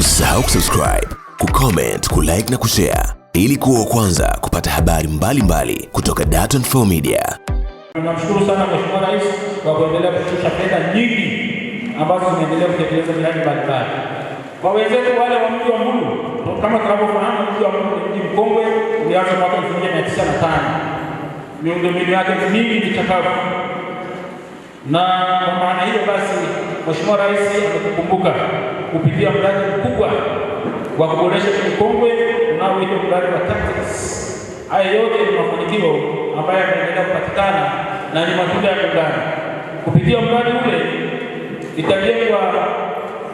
Usisahau kusubscribe, kucomment, kulike na kushare ili kuwa kwanza kupata habari mbalimbali mbali kutoka Dar24 Media. Tunamshukuru sana Mheshimiwa Rais kwa kuendelea kushusha fedha nyingi ambazo zinaendelea kutekeleza miradi mbalimbali. Kwa wenzetu wale wa mji wa Mbulu, kama tunavyofahamu, mji wa Mbulu ni mji mkongwe, ulianza mwaka 1995. Miundombinu yake mingi ni chakavu, na kwa maana hiyo basi Mheshimiwa Rais amekukumbuka kupitia mradi mkubwa wa kuboresha mkongwe unaoitwa mradi wa TACTICS. Haya yote ni mafanikio ambayo yameendelea kupatikana na ni matunda ya muungano. Kupitia mradi ule itajengwa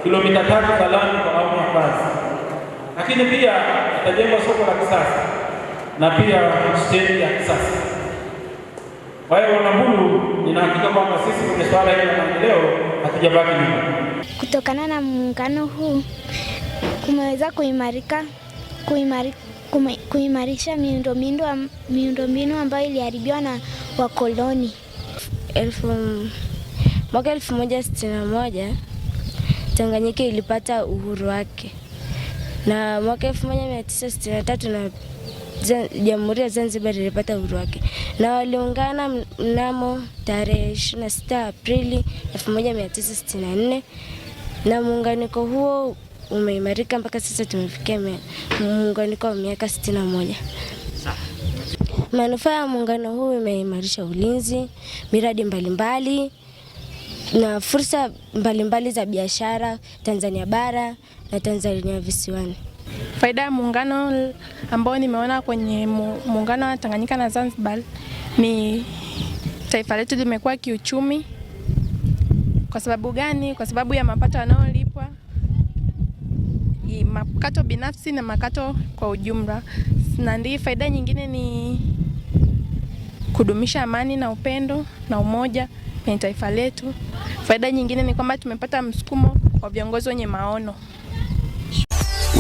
kilomita tatu za lami kwa awamu ya kwanza, lakini pia itajengwa soko la kisasa na pia stendi ya kisasa. Kwa hiyo Wanambulu tunahakika kwamba sisi kwenye swala hili la maendeleo hatujabaki nyuma. Kutokana na muungano huu kumeweza kuimarika kuimarika kuimarisha miundombinu ambayo iliharibiwa na wakoloni. Elfu, Mwaka elfu moja sitini na moja Tanganyika ilipata uhuru wake, na mwaka elfu moja mia tisa sitini na tatu na Jamhuri ya Zanzibar ilipata uhuru wake na waliungana mnamo tarehe 26 Aprili 1964 na muunganiko huo umeimarika mpaka sasa, tumefikia muunganiko wa miaka 61. Manufaa ya muungano huu imeimarisha ulinzi, miradi mbalimbali mbali, na fursa mbalimbali mbali za biashara Tanzania bara na Tanzania visiwani. Faida ya muungano ambao nimeona kwenye muungano wa Tanganyika na Zanzibar ni taifa letu limekuwa kiuchumi. Kwa sababu gani? Kwa sababu ya mapato yanayolipwa, makato binafsi na makato kwa ujumla. Na ndii faida nyingine ni kudumisha amani na upendo na umoja kwenye taifa letu. Faida nyingine ni kwamba tumepata msukumo wa viongozi wenye maono.